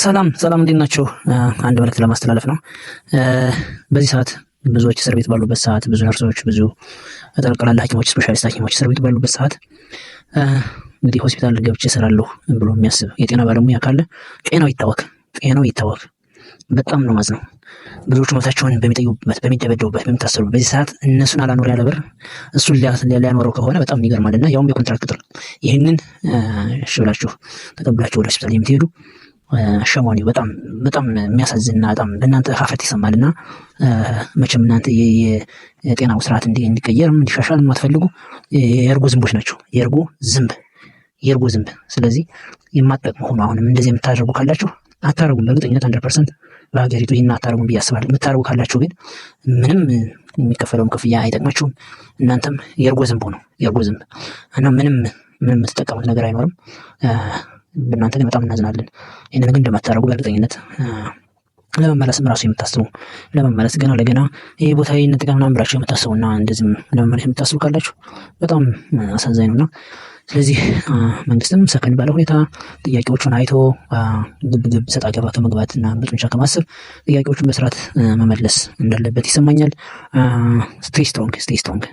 ሰላም ሰላም፣ እንዴት ናችሁ? አንድ መልዕክት ለማስተላለፍ ነው። በዚህ ሰዓት ብዙዎች እስር ቤት ባሉበት ሰዓት ብዙ ነርሶች፣ ብዙ ጠቅላላ ሐኪሞች፣ ስፔሻሊስት ሐኪሞች እስር ቤት ባሉበት ሰዓት እንግዲህ ሆስፒታል ገብቼ እሰራለሁ ብሎ የሚያስብ የጤና ባለሙያ ካለ ጤናው ይታወቅ፣ ጤናው ይታወቅ። በጣም ነው ማዝ ነው። ብዙዎቹ መብታቸውን በሚጠይቁበት፣ በሚደበደቡበት፣ በሚታሰሩ በዚህ ሰዓት እነሱን አላኖር ያለ ብር እሱን ሊያኖረው ከሆነ በጣም ይገርማል። እና ያውም የኮንትራክት ቅጥር ይህንን ሽብላችሁ ተቀብላችሁ ወደ ሆስፒታል የምትሄዱ አሸሟኒው በጣም በጣም የሚያሳዝንና በጣም በእናንተ ፋፈት ይሰማል እና መቼም እናንተ የጤናው ስርዓት እንዲቀየር እንዲሻሻል የማትፈልጉ የእርጎ ዝንቦች ናቸው። የእርጎ ዝንብ የእርጎ ዝንብ። ስለዚህ የማትጠቅሙ ሆኖ አሁንም እንደዚህ የምታደርጉ ካላችሁ አታደርጉም። በእርግጠኝነት አንድ ፐርሰንት በሀገሪቱ ይህን አታደርጉም ብዬ አስባለሁ። የምታደርጉ ካላችሁ ግን ምንም የሚከፈለውም ክፍያ አይጠቅማችሁም። እናንተም የእርጎ ዝንቡ ነው የእርጎ ዝንብ እና ምንም ምንም የምትጠቀሙት ነገር አይኖርም። በእናንተ ላይ በጣም እናዝናለን። ይህንን ግን እንደማታደርጉ በእርግጠኝነት ለመመለስም ራሱ የምታስቡ ለመመለስ ገና ለገና ይህ ቦታ ይነጥቃል ምናምን ብላችሁ የምታስቡና እንደዚህም ለመመለስ የምታስቡ ካላችሁ በጣም አሳዛኝ ነውና ስለዚህ መንግስትም ሰከን ባለ ሁኔታ ጥያቄዎቹን አይቶ ግብግብ ሰጣ ገባ ከመግባትና በጡንቻ ከማሰብ ጥያቄዎቹን በስርዓት መመለስ እንዳለበት ይሰማኛል። ስቴይ ስትሮንግ ስቴይ ስትሮንግ